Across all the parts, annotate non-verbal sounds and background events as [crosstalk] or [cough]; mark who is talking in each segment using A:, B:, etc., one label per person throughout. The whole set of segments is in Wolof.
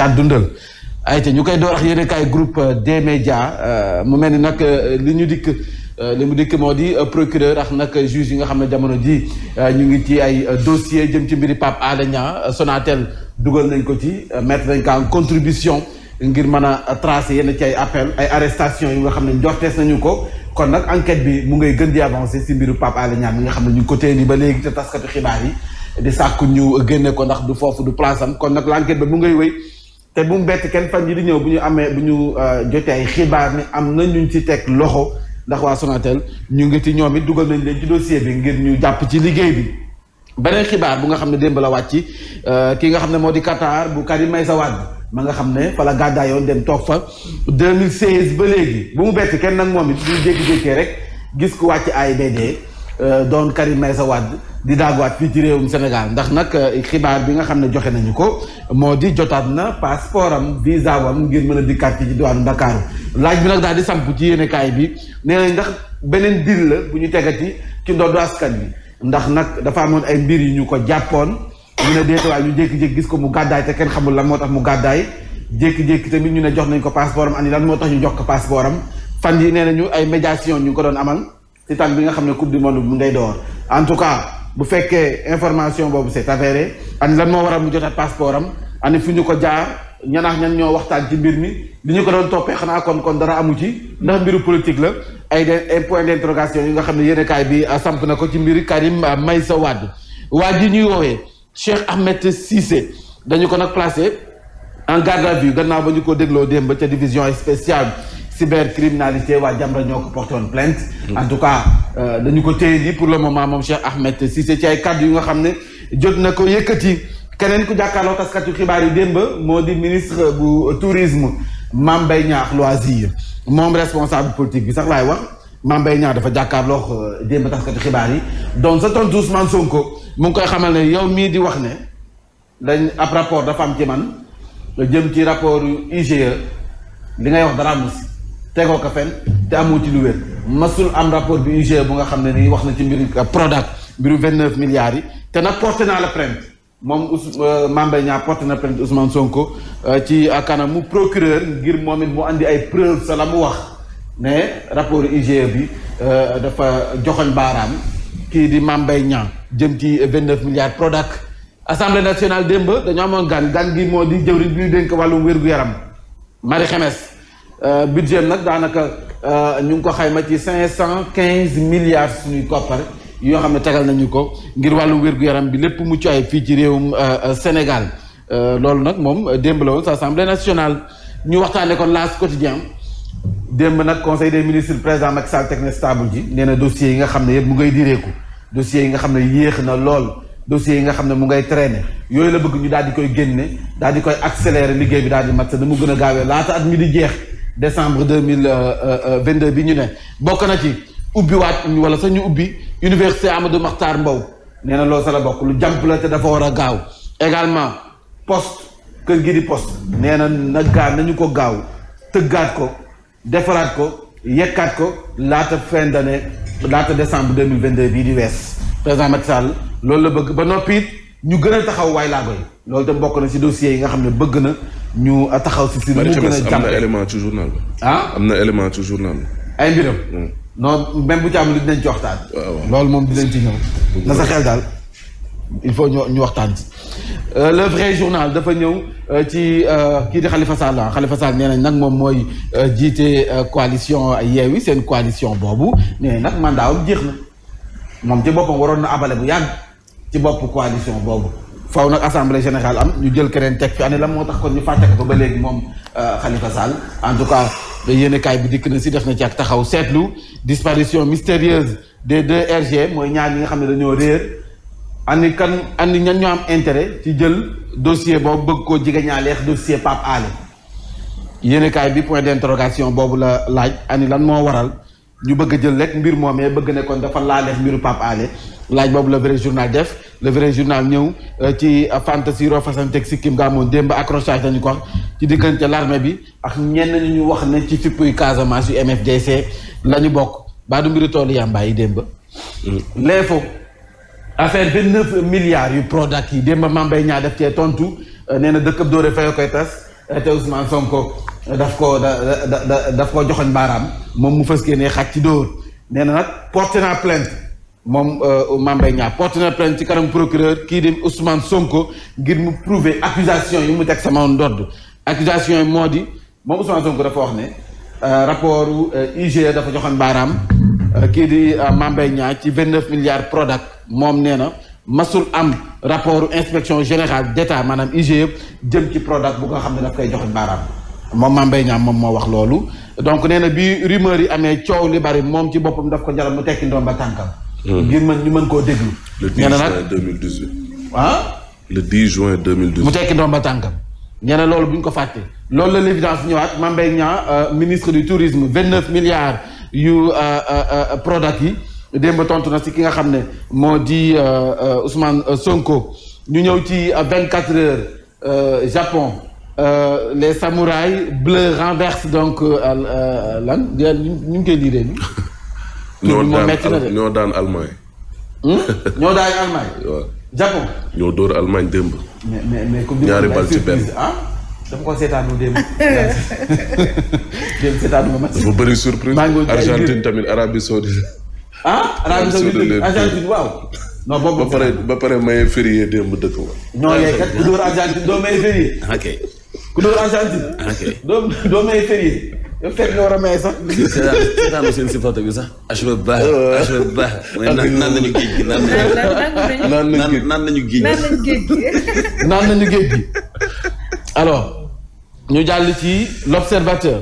A: caat dundal ayca ñu koy door ak yéen kaay groupe euh, des médias euh, mu mel ni nag euh, li ñu dikk li mu dikk moo di procureur ak nag juge yi nga xam ne jamono ji ñu ngi ci ay dossier jëm ci mbiri Pape Alé Niang Sonatel dugal nañ ko ci mettre nañ ko contribution ngir mën a tracer yenn ci ay appel ay arrestation yi nga xam ne njortees nañu ko kon nag enquête bi mu ngay gën di avancer si mbiru Pape Alé mi nga xam ne ñu ngi ko téye nii ba léegi te taskatu xibaar yi di sàkku ñu génne ko ndax du foofu du place am te bu mu bett kenn fan yi di ñëw bu ñu amee bu ñu euh, jotee ay xibaar ni am na ñu ci teg loxo ndax waa Sonatel ñu ngi ci ñoom it dugal nañ leen ci dossier bi ngir ñu jàpp ci liggéey bi. beneen xibaar bu nga xam ne démb la wàcc euh, ki nga xam ne moo di Qatar bu Karim Meïssa Wade ma nga xam ne fa la gàddaayoon dem toog fa 2016 ba léegi bu mu bett kenn nag moom it bu ñu jékki-jékkee rek gis ku wàcc AIBD. Euh, doon Karim Meïssa Wade di daaguwaat fii ci réewum Sénégal ndax nag euh, xibaar bi nga xam ne joxe nañu ko moo di jotaat na passeport am visa wam ngir mën a dikkaat ci diwaanu Ndakaaru laaj bi nag daal di samp ci bi nee ndax beneen dil la bu ñu tegati ci ndoddu askan bi ndax nag dafa amoon ay mbir yu ñu ko jàppoon ñu ne deetuwaay ñu jékki-jékki gis ko mu gàddaay te kenn xamul lan moo tax mu gàddaay jékki-jékki tamit ñu ne jox nañ ko passeport am ani lan moo tax ñu jox ko passeport am fan yi nee nañu ay médiation ñu ngi ko doon amal ci tànk bi nga xam ne coupe du monde bi ngay door en tout cas bu fekkee information boobu c'est avéré an lan moo war a mu jotaat passeport am ani fu ñu ko jaar ñanaax ñan ñoo waxtaan ci mbir mi li ñu ko doon toppee xanaa kon kon dara amu ci ndax mbiru politique la ay ay point d'interrogation yi nga xam ne kaay bi ah, samp na ko ci mbiri Karim ah, Meïssa Wade waa ji ñuy woowee Cheikh Ahmed Cissé dañu ko nag placé en garde à vue gannaaw ba ñu ko dégloo démb ca division spéciale cybercriminalité waa Jamra ñoo ko porté woon plainte en tout cas euh, dañu ko téye ji pour le moment moom Cheikh Ahmed Cissé ci ay kàddu yu nga xam ne jot na ko yëkkati keneen ku jàkkaarloo taskatu xibaar yi démb moo di ministre bu tourisme Mame Mbaye Niang loisir moom responsable politique bi sax laay wax maam bay Niang dafa jàkkaarloo euh, démb taskatu xibaar yi donc sa tontu Ousmane Sonko mu ngi koy xamal ne yow mii di wax ne dañ ab rapport dafa am ci man jëm ci rapport yu e. li ngay wax dara tegoo ko fenn te amoo ci lu wér masul am rapport bi UG e bu nga xam ne nii wax na ci mbiru euh, Prodac mbiru vingt neuf milliards yi te nag porte naa la plainte moom Ous euh, Mame Mbaye Niang porté na plainte Ousmane Sonko euh, ci mu procureur ngir moom it mu andi ay preuve sa la mu wax ne rapport UG e bi dafa joxoñ baaraam kii di Mame Mbaye Niang jëm ci vingt neuf milliards Prodac Assemblée nationale démb dañoo amoon gan gan gi moo di jëwriñ bi ñu dénk wàllum wér-gu-yaram Marie Xemes Euh, budget nag daanaka euh, ñu ngi ko xayma ci cinq cent quinze milliards suñuy koppar yoo xam ne tegal nañu ko ngir wàllu wér-gu-yaram bi lépp mucc ay fii ci réewum euh, Sénégal loolu nag moom démb la woon sa assemblée nationale ñu waxtaanee ko laas quotidien démb nag conseil des ministres président Macky Sall teg na stable ji nee na yi nga xam ne yëpp mu ngay direeku dossiers yi nga xam ne yéex na lool dossiers yi nga xam ne mu ngay traîner yooyu la bëgg ñu daal di koy génne daal di koy accélérer liggéey bi daal di mat sa na mu laata at mi di décembre deux mille euh, euh, euh, vingt deux bi ñu ne bokk na ci ubbiwaat wala sax ñu ubbi université Amadou Mahtar Mbow nee na loolu sa la bokk lu jàmp la te dafa war a gaaw également poste kër gi di poste nee na na gaa nañu ko gaaw tëggaat ko defaraat ko yekkaat ko laata fin ne laata decembre deux mille vingt deux bii di wees président Macky Sall loolu la bëgg ba noppi it ñu gën a taxaw waay laa koy loolu tam bokk na ci dossiers yi nga xam ne bëgg na ñu taxaw si si. mu gën a am na élément ci journal bi. ah am na élément ci journal ay mbiram. Hmm. non même bu ci am lu dinañ ci waxtaan. loolu moom dinañ ci ñëw. na sa xel daal il faut ñu ñu waxtaan ci. Euh, le vrai journal dafa ñëw euh, ci euh, kii di Khalifa Sall ah Khalifa nee nañ nag moom mooy jiite coalition Yewwi seen coalition boobu nee nag mandaawam jeex na moom ci boppam waroon na abale bu yàgg ci bopp coalition boobu. faaw nag assemblée générale am ñu jël keneen teg fi année la moo tax kon ñu fàtte ko ba léegi moom euh, Khalifa saal en tout cas yéenekaay bi dikk na si def na ci ak taxaw seetlu disparition mystérieuse des deux RG mooy ñaar ñi nga xam ne dañoo réer andi kan andi ñan ñoo am intérêt ci jël dossier boobu bëgg koo jege ñaaleex dossier Pape Alé yenekaay bi point d'interrogation boobu la laaj ani lan moo waral ñu bëgg jël rek mbir moomee bëgg ne kon dafa laaleef mbiru Pape Alé laaj boobu le vrai journal def le vrai journal ñëw euh, ci fantasy ro fasanteeg sikkim nga amoon démb accrochage dañu ko ci diggante l'armée bi ak ñenn ñu wax ne ci fippuy Casamance yu MFDC la bokk baa du mbiru toolu yàmbaa yi démb mm. l'info affaire vingt milliards yu Prodac yi démb Mame Mbaye def cee tontu euh, nee na dëkkab dóore koy tas euh, te Ousmane Sonko daf ko da da daf koo joxoñ baaraam moom mu fas yéenee xaj ci dóor nee na nag porté naa plainte moom euh, Mame Mbaye Niang porté naa plainte ci kanam procureur kii di Ousmane Sonko ngir mu prouver accusation yi mu teg sama ndodd accusation yi moo di moom Ousmane Sonko dafa wax ne euh, rapport euh, IGE dafa joxoñ baaraam kii di Mame ñaar ci vingt neuf milliards Prodac moom nee na masul am rapport inspection général d'État maanaam IGE jëm ci Prodac bu nga xam ne daf koy joxoñ baaraam moom Mame Mbaye Niang moom moo wax loolu donc nee na bi rumeur yi amee coow li bari moom ci boppam daf ko jaral mu tekki ndoom ba tànkam. Hmm. ngir mën ñu mën koo déglu. nee na nag le 10 juin 2018. ah. le 10 juin 2018. mu tekki ndoom ba tànkam. nee na loolu bu ñu ko fàtte loolu la l'évidence ñëwaat Mame Mbaye Niang euh, ministre du tourisme 29 milliards yu euh, euh, Prodac yi démb tontu na si ki nga xam ne moo di Ousmane Sonko ñu ñëw ci vingt 24 heures Japon. Euh, les samouraïs bleus renversent donc euh, lan ñu ngi koy liiree nii. [laughs] ñoo daan ñoo daan Allemagne. Hmm? ñoo daan Allemagne. waaw [laughs] Japon. ñoo dóor Allemagne démb. ñaari bal ci benn ah. dama ko seetaanu démb. [laughs] démb seetaanu ma match. dafa bëri surprise. Argentine tamit Arabie Saoudite. ah Arabie waaw. non boobu ba pare ba pare maye férié démb dëkk ba. non yooyu kat ku dóor Argentine doo maye férié. ok ku dóor Argentine. ok doo doo maye férié. yow fekk nga war a maye sax. seen supporter bi sax. HB baax HB baax. naan nañu géej gi naan nañu. naan nañu géej gi naan nañu géej gi. naan nañu géej gi alors ñu jàll ci l'observateur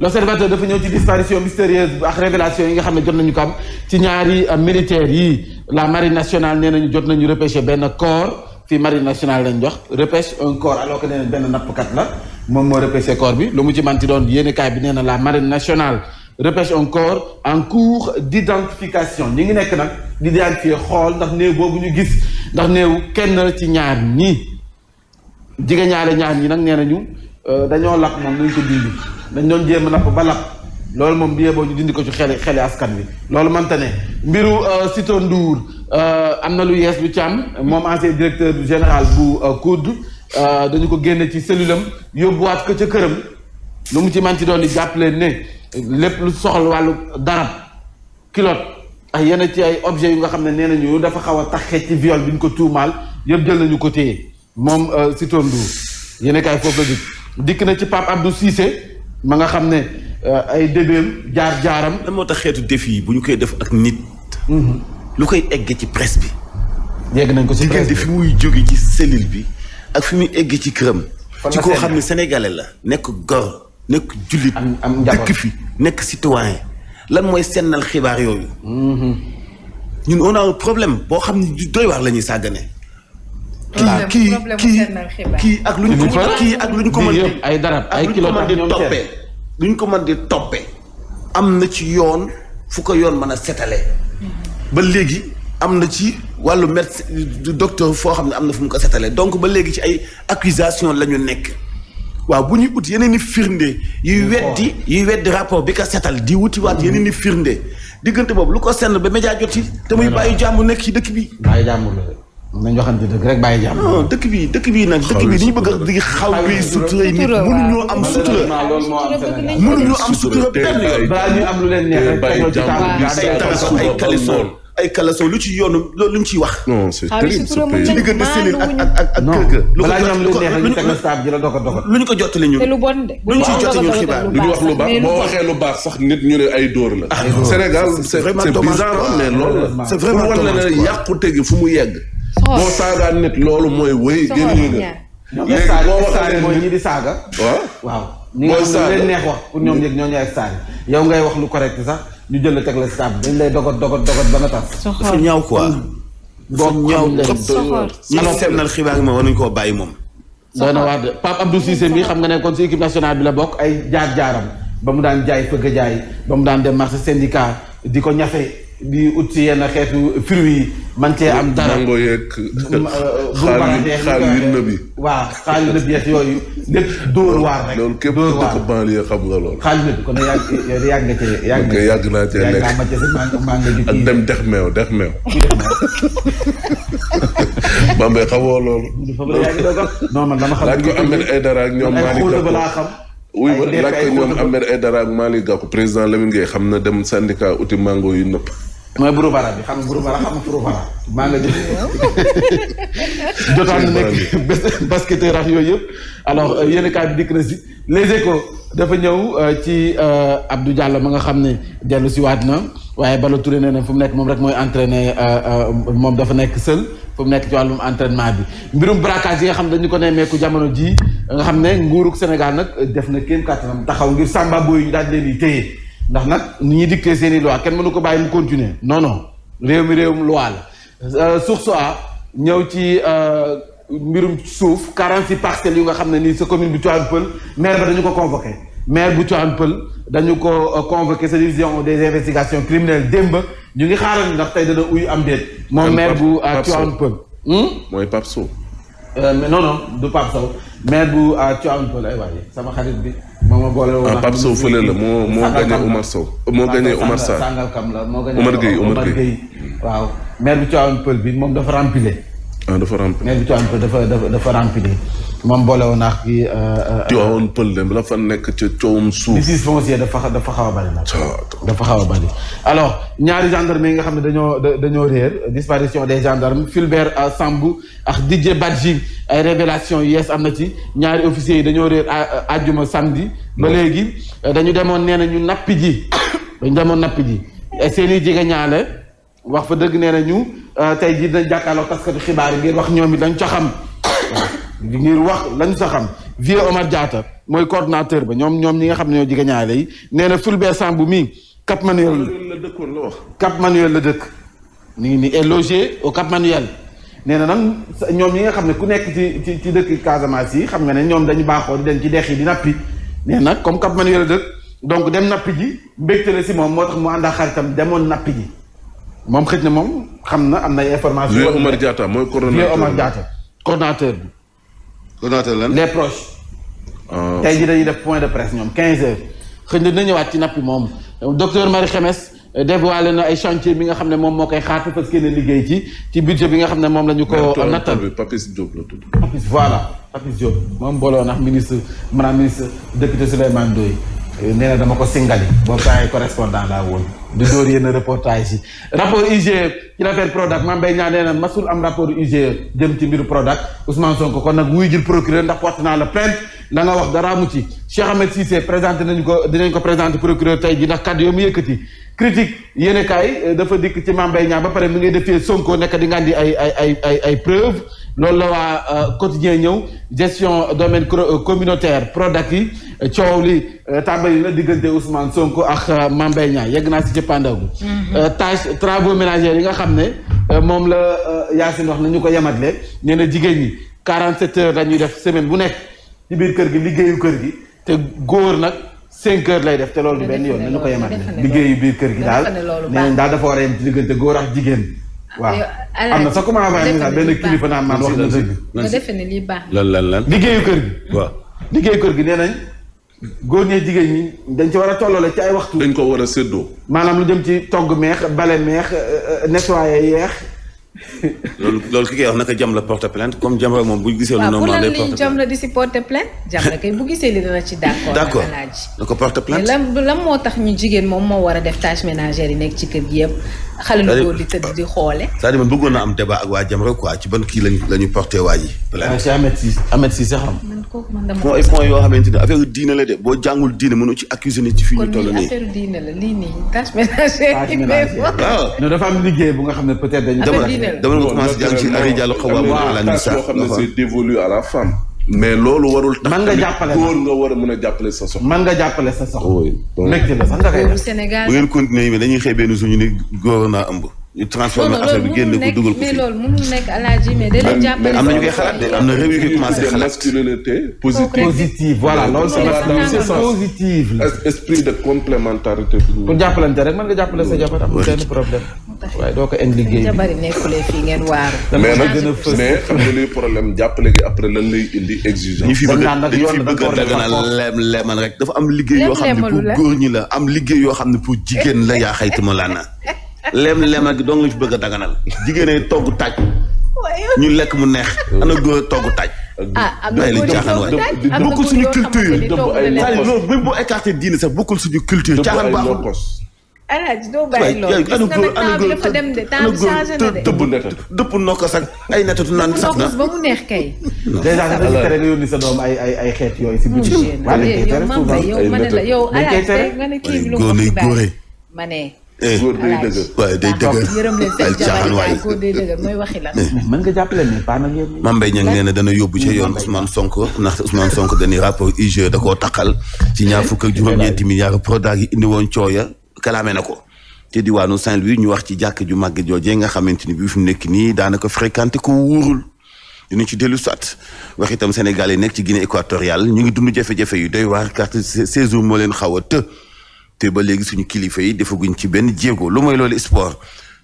A: l'observateur dafa ñëw ci disparition mystérieuse ak révélation yi nga xam ne jot nañu ko am ci ñaari euh, militaires yi la marine nationale nee nañu jot nañu repêché benn corps fii marine nationale lañ jox repêche un corps alors que nee benn nappkat la moom moo repêché corps bi lu mu ci manti doon yéenekaay bi nee na la marine nationale repêche un corps en cours d'identification ñi ngi nekk nag di identifier xool ndax néew boobu ñu gis ndax néew kenn ci ñaar ñi jigéen ñaare ñaar ñi nag nee nañu Euh, dañoo lap moom nañ ko dindi dañ doon jéem a ko ba lap loolu moom bi yeboo ñu dindi ko ci xel xeli askan wi loolu mante ne mbiru Sitor euh, Ndour euh, am na lu yees bu ci am moom ancien directeur général bu COUD dañu ko génne ci cellule am yóbbuwaat ko ca këram lu mu ci man ci doon di jàpp ne lépp lu soxal wàllu darab kilote ak yenn ci ay objets yu nga xam ne nee nañu dafa xaw a taxe ci viol bi ñu ko tuumaal yëpp jël nañu ko téye moom Sitor Ndour yéen kaay foofu la dikk na ci Pape Abdou Cissé ma nga xam ne euh, ay débéem jaar jaaram. lan moo tax xeetu def yi bu ñu koy def ak nit. Mm-hmm. lu koy egg ci presse bi. yegg nañ ko ci presse bi fi muy jóge ci cellule bi ak fi muy egg ci këram. ci koo xam ne sénégalais la. nekk gor nekk jullit. am dëkk fi nekk citoyen lan mooy sennal xibaar yooyu. Mm-hmm. ñun on a un problème boo xam ne doy waar la ñuy sàggane problème kii kii ak lu ñu ko kii ak lu ñu ko mën di ay darab ay kilo mën di toppee lu ñu ko mën di toppee am na ci yoon fu ko yoon mën a setalee ba léegi am na ci wàllu médecin docteur foo xam ne am na fu mu ko setalee donc ba léegi ci ay accusation la ñu nekk waaw bu ñuy wut yeneen i firnde yuy weddi yuy weddi rapport bi ko setal di wutiwaat mm-hmm. yeneen i firnde diggante boobu lu ko senn ba média jot yi te muy bàyyi jàmm nekk ci dëkk bi bàyyi jàmm nañ waxante dëgg rek bàyyi jàmm. non dëkk bi dëkk bi nag dëkk bi dañu bëgg a di xaw bi sutura nit mënuñoo am sutura. mënuñoo am sutura benn yoon. balaa ñuy am lu leen neex rek tegal ci taamu bi ay talaso ay kaliso ay kalaso lu ci yoonu loolu lu mu ciy wax. non c'est ah, terrible ci diggante Céline ak ak ak kër ga. lu ko jot lu ko lu ñu ko jottali ñun. te lu bon de lu ñu ciy jottali ñun xibaar. du ñu wax lu baax boo waxee lu baax sax nit ñu ne ay dóor la. Ah, Sénégal c'est vraiment bizarre mais loolu la. c'est vraiment dommage pour wan la ne yàqute gi fu mu yegg boo saagaan nit loolu mooy wéy génn nga léegi boo waxee mooy ñi di saaga waaw ñi nga xam ne leen neex wax pour ñoom yëg ñoo ñooy ak saaga yow ngay wax lu correct sax ñu jël la teg la si table lay dogot dogot dogot ba nga tas dafa ñaaw quoi dafa ñaaw ñi seenal xibaar yi moom war nañu koo bàyyi moom doy na wax de Pape xam nga ne kon si équipe nationale bi la bokk ay jaar jaaram ba mu daan jaay fëgg jaay ba mu daan dem marché syndicat di ko ñafe di ut si yenn xeetu fruits man cee am dara mango yeeg. Euh, xaal yu nëb yi waaw xaal yu nëb yeeg yooyu dóor waar loolu képp ku dëkk banlieue xam nga loolu. xaal yu nëb kon ak [laughs] [laughs] ko Ahmed Aïdara ak ñoom Malick Gakou oui laaj ko ñoom Ahmed Aïdara ak Malick Gakou président Lamine Gueye xam na dem syndicat uti mango yu nëpp mooy burubara bi xam nga burubara xam nga maa nga jël [laughs] jotaan na nekk basketteur ak yooyu yëpp alors euh, yéen kaay bi dikk na si les échos dafa ñëw euh, ci euh, Abdou Diallo ma nga xam ne dellu si waat na waaye Bala Touré nee na fu mu nekk moom rek mooy entraîner moom dafa nekk seul fu mu nekk ci wàllum entraînement bi mbirum braquage yi nga xam ne dañu ko nemmeeku jamono jii nga xam ne nguurug Sénégal nag def na kéem kattanam taxaw ngir Samba Boy ñu daal leen di téye ndax nag ni ñuy dicté seen i loi kenn mënu ko bàyyi mu continuer non non réew mi réewum loi la suuf euh, soi ñëw ci euh, mbirum suuf 46 parcelles yu nga xam ne nii sa commune bu Tivaouane Peulh maire ba dañu ko convoqué maire bu Tivaouane Peulh dañu ko euh, convoqué sa division des investigations criminelles démb ñu ngi xaaral ndax tey dana uyu am déet moom maire bu Tivaouane Peulh hmm? mooy Pape Sow Euh, mais non non du Pape Sow maire bu euh, Thiawane Pël ay waaye sama xarit bi moo ma boole woon. ah Pape Sow fële la moo moo gagné Umar Sow. moo gagné Umar Sarr Sangal Kam la moo gagné Umar Gueye Umar Gueye waaw maire bu Thiawane Pël bi moom dafa rempilé. ah dafa rempli neen bi Tivaouane Pël dafa dafa dafa rempli moom boole woon naa kii. Euh, euh, euh, Tivaouane Pël dem la fa nekk ca coowum suuf. li si foncier dafa dafa xaw a bari nag. a bari. alors ñaari gendarme yi nga xam ne dañoo dañoo réer disparition des gendarmes Fulbert Sambou ak Didier Badji ay révélation yees am na ci ñaari officiers yi dañoo réer àjjuma samedi. ba léegi dañu demoon nee ñu nappi ji [coughs] dañu demoon nappi ji seen i jege wax fa dëgg nee ñu. Euh, tey jii dañ jàkkaarloo taskatu xibaar yi ngir wax ñoom it dañ ca xam ngir wax lañu sa xam vieux Omar Diatta mooy coordonnateur ba ñoom ñoom ñi nga xam ne ñoo jigéen ñaale nee na Fulbert Sambou mii Cap Manuel la dëkkoon la wax la dëkk ñu ngi ni est logé au Cap nee na nag ñoom ñi nga xam ne ku nekk ci ci ci dëkk Casamance yi xam nga ne ñoom dañu baaxoo di dem ci dex yi di nappi nee nag comme Cap Manuel la dëkk donc dem nappi ji mbégte la si moom moo tax mu ànd xaritam demoon nappi ji moom xëj na moom xam na am na information informations. vieux Omar Diatta mooy coordonnateur vieux Omar Diatta coordonnateur bi. coordonnateur lan les proches. Ah. tey jii dañuy def point de presse ñoom 15 heures xëy na dina ñëwaat ci nappi moom docteur Marie Xemes euh, dévoilé na ay chantier bi nga xam ne moom moo koy xaatu parce que ne liggéey ci ci budget bi nga xam ne moom la ñu ko nattal bi Papis Diop la tudd Papis voilà Papis Diop moom booloo nax ministre maanaam ministre député Souleymane Ndoye Eh, nee dama ko singali boobu temps yi correspondant laa woon di dóor yenn reportage yi rapport IGE ci l'affaire Prodac Mame Mbaye Niang nee na masul am rapport IGE jëm ci mbiru Prodac Ousmane Sonko kon nag wuy jël procureur ndax porte naa la plainte la nga wax dara mu ci Cheikh Ahmed Cissé présenté nañu ko dinañ ko présenté procureur tey ji ndax kàddu yoo mu yëkkati critique yéen kaay eh, dafa dikk ci Mame Mbaye Niang ba pare mi ngay defee Sonko nekk di nga andi ay ay ay ay ay loolu la waa euh, quotidien ñëw gestion domaine euh, communautaire Prodac yi coow li euh, tàmbali na diggante Ousmane Sonko ak Mame Mbaye yegg naa si ci pandaw bi mhm. tâche yi nga xam ne moom la Yacine wax nañu ko yematle nee na jigéen ñi quarante sept heures la def semaine bu nekk ci biir kër gi liggéeyu kër gi te góor nag cinq heures lay def te loolu benn yoon nañu ko yematle liggéeyu biir kër gi daal nee nañ daal dafa war a yem ci diggante góor ak jigéen waaw am na sa ku ma envoyé message benn kilifa naan man wax na dëgg. ma defe ne lii baax lan lan lan liggéeyu kër gi. waaw liggéeyu kër gi nee nañ. góor ñee jigéen ñi dañ ci war a tolloo tolloole ci ay waxtu. lañ ko war a séddoo. maanaam lu dem ci togg meex bale meex euh, euh, nettoyer yeex. loolu loolu ki koy wax naka Jamra porte plainte comme Jamra moom bu gisee. lu normal day porte plainte waaw ku ne Jamra di si porte plainte. Jamra kay bu gisee li dana ci d'accord. d'accord na ko porte plainte. lan la moo tax ñu jigéen moom moo war a def tâche ménagère yi nekk ci kër gi yëpp. xale lu góor di tëdd di xoole. c'est-à-dire man am débat ak waa Jamra quoi ci ban kii lañ la ñu ah, yoo xamante ne affaire diine la de boo jàngul diine mënoo ci accuser nit ci fii ñu nii. affaire la lii nii tâche ménagère. [laughs] waaw ah. non dafa am liggéey bu nga xam ne peut-être dañu. affaire diine la dama dama jàng ci Ari Diallo xaw ma. waaw tâche boo xam ne c'est à la femme. mais loolu warul. man nga jàppale góor nga war a mën a jàppale sa soxla. man nga jàppale sa soxla. oui donc la sax nga koy def. Sénégal bu ngeen continuer yi dañuy xeebee ni suñu ni góor naa ëmb. ñu transformé affaire bi génne ko dugal ko mais loolu mënul nekk alaaji mais da leen jàppale am na ñu koy xalaat de am na réew yu koy commencé xalaat masculinité positive positive voilà loolu c'est dans ce sens positive esprit de complémentarité bi pour jàppalante rek mën nga jàppale sa jabar am benn problème waaye doo ko indi liggéey bi jabar yi nekkulee fii ngeen waaru mais nag gën a fës mais xam nga luy problème jàppale gi après lan lay indi exigence ñu fi bëgg a daganaa leem leemal rek dafa am liggéey yoo xam ne pour góor ñi la am liggéey yoo xam ne pour jigéen la yaa xaytuma laa [laughs] naa lem-lem gi dong la ci bëgg a daganal jigéen togg taaj ñu lekk mu neex ana góor togg taaj ah, ah li caaxaan waay bokkul ah, suñu culture loolu même boo écarté diine sax bokkul suñu culture caaxaan baaxul alaaj doo bàyyi loolu gis nga nag temps bi dafa dem de temps bi na de dëpp ba mu neex kay dèjà sax dañu tere sa doom ay ay xeet yooyu si biir yow ma ne Eh. waaye day dëgër ay caaxaan waay eh. mën nga jàppale na ngeen Mame Mbaye Niang dana yóbbu ci yoon Ousmane Sonko ndax Ousmane Sonko dañuy rapport IGE da koo taqal ci ñaar fukk ak juróom-ñeenti milliards Prodac yi indi woon cooya kalaame na ko te diwaanu Saint-Louis ñu wax ci jàkk ju màgg joojee nga xamante ni bi fi mu nekk nii daanaka fréquenté ko wóorul dinañ ci dellu soit wax itam Sénégal yi nekk ci Guinée équatoriale ñu ngi dund jafe-jafe yu doy waar carte séjour moo leen xaw a të te ba léegi suñu kilifa yi defaguñ ci benn jéego lu mooy loolu sport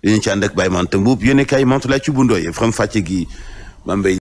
A: dañu ci ànd ak Baye Mante Mbuub yéen a kaay ci ci bundooye faram fàcce gi Mambey